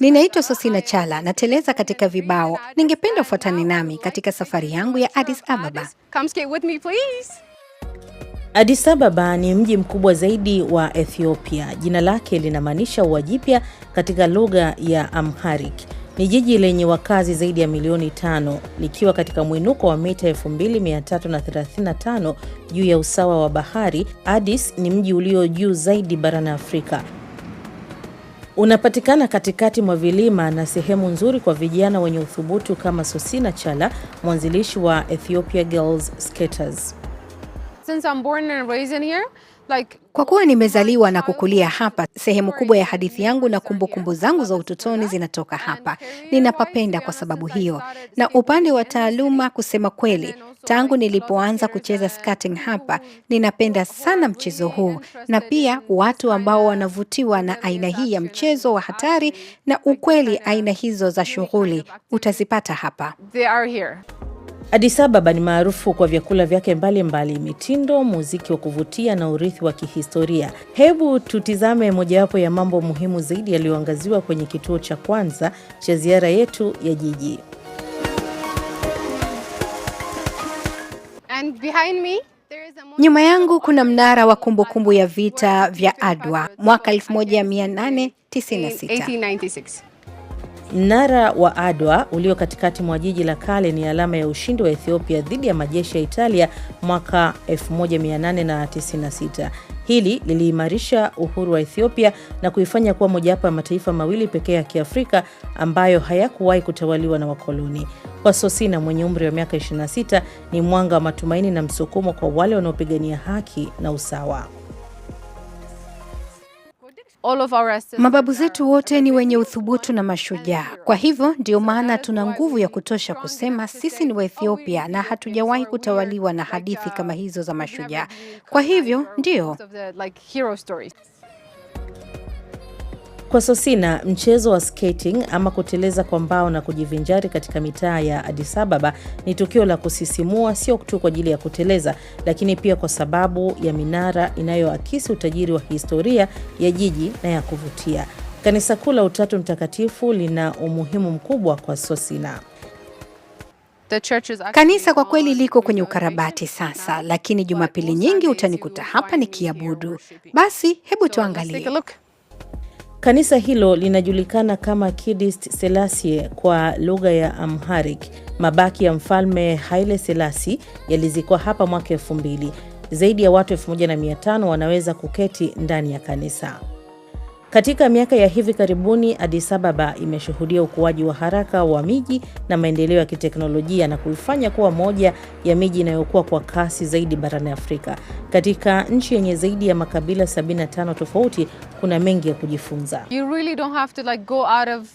Ninaitwa Sosina Chala, nateleza katika vibao. Ningependa ufuatane nami katika safari yangu ya Addis Ababa. Addis Ababa ni mji mkubwa zaidi wa Ethiopia. Jina lake linamaanisha ua jipya katika lugha ya Amharic. Ni jiji lenye wakazi zaidi ya milioni tano likiwa katika mwinuko wa mita 2335 juu ya usawa wa bahari. Addis ni mji ulio juu zaidi barani Afrika Unapatikana katikati mwa vilima na sehemu nzuri kwa vijana wenye uthubutu kama Sosina Chala, mwanzilishi wa Ethiopia Girls Skaters. Since I'm born and raised in here, kwa kuwa nimezaliwa na kukulia hapa, sehemu kubwa ya hadithi yangu na kumbukumbu zangu za utotoni zinatoka hapa. Ninapapenda kwa sababu hiyo. Na upande wa taaluma, kusema kweli, tangu nilipoanza kucheza skating hapa, ninapenda sana mchezo huu, na pia watu ambao wanavutiwa na aina hii ya mchezo wa hatari. Na ukweli, aina hizo za shughuli utazipata hapa. Addis Ababa ni maarufu kwa vyakula vyake mbalimbali mbali, mitindo, muziki wa kuvutia na urithi wa kihistoria. Hebu tutizame mojawapo ya mambo muhimu zaidi yaliyoangaziwa kwenye kituo cha kwanza cha ziara yetu ya jiji. And behind me Nyuma yangu kuna mnara wa kumbukumbu kumbu ya vita vya Adwa mwaka 1896. Mnara wa Adwa ulio katikati mwa jiji la kale ni alama ya ushindi wa Ethiopia dhidi ya majeshi ya Italia mwaka 1896. Hili liliimarisha uhuru wa Ethiopia na kuifanya kuwa mojawapo ya mataifa mawili pekee ya Kiafrika ambayo hayakuwahi kutawaliwa na wakoloni. Kwa Sosina mwenye umri wa miaka 26, ni mwanga wa matumaini na msukumo kwa wale wanaopigania haki na usawa. Mababu zetu wote ni wenye uthubutu na mashujaa. Kwa hivyo ndio maana tuna nguvu ya kutosha kusema sisi ni Waethiopia oh, na hatujawahi kutawaliwa na hadithi kama hizo za mashujaa. Kwa hivyo ndio kwa Sosina, mchezo wa skating ama kuteleza kwa mbao na kujivinjari katika mitaa ya Addis Ababa ni tukio la kusisimua, sio tu kwa ajili ya kuteleza, lakini pia kwa sababu ya minara inayoakisi utajiri wa historia ya jiji na ya kuvutia. Kanisa Kuu la Utatu Mtakatifu lina umuhimu mkubwa kwa Sosina. Kanisa kwa kweli liko kwenye ukarabati sasa, lakini Jumapili nyingi utanikuta hapa nikiabudu. Basi hebu tuangalie. Kanisa hilo linajulikana kama Kidist Selasie kwa lugha ya Amharic. Mabaki ya mfalme Haile selasi yalizikwa hapa mwaka 2000. Zaidi ya watu 1500 wanaweza kuketi ndani ya kanisa. Katika miaka ya hivi karibuni, Addis Ababa imeshuhudia ukuaji wa haraka wa miji na maendeleo ya kiteknolojia na kuifanya kuwa moja ya miji inayokuwa kwa kasi zaidi barani Afrika. Katika nchi yenye zaidi ya makabila 75 tofauti, kuna mengi ya kujifunza. You really don't have to like go out of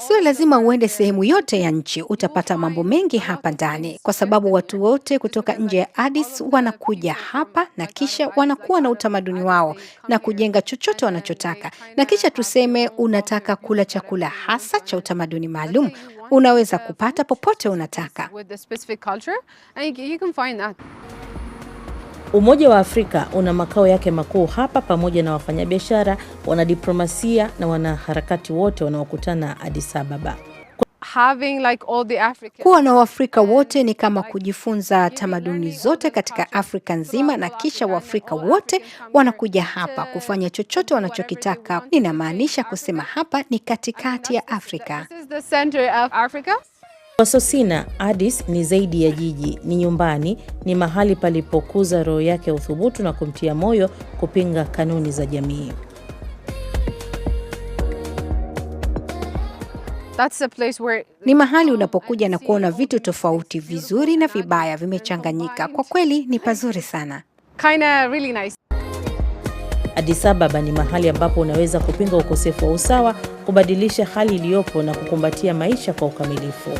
Sio lazima uende sehemu yote ya nchi, utapata mambo mengi hapa ndani, kwa sababu watu wote kutoka nje ya Addis wanakuja hapa na kisha wanakuwa na utamaduni wao na kujenga chochote wanachotaka. Na kisha tuseme unataka kula chakula hasa cha utamaduni maalum, unaweza kupata popote unataka. Umoja wa Afrika una makao yake makuu hapa pamoja na wafanyabiashara, wanadiplomasia na wanaharakati wote wanaokutana Addis Ababa. Having like all the Africans, kuwa na Waafrika wote ni kama kujifunza tamaduni zote katika Afrika nzima, na kisha Waafrika wote wanakuja hapa kufanya chochote wanachokitaka. Ninamaanisha kusema hapa ni katikati ya Afrika. Wasosina Addis ni zaidi ya jiji, ni nyumbani, ni mahali palipokuza roho yake ya uthubutu na kumtia moyo kupinga kanuni za jamii. That's place where... ni mahali unapokuja na kuona vitu tofauti, vizuri na vibaya vimechanganyika. Kwa kweli ni pazuri sana. Kinda really nice. Addis Ababa ni mahali ambapo unaweza kupinga ukosefu wa usawa, kubadilisha hali iliyopo na kukumbatia maisha kwa ukamilifu.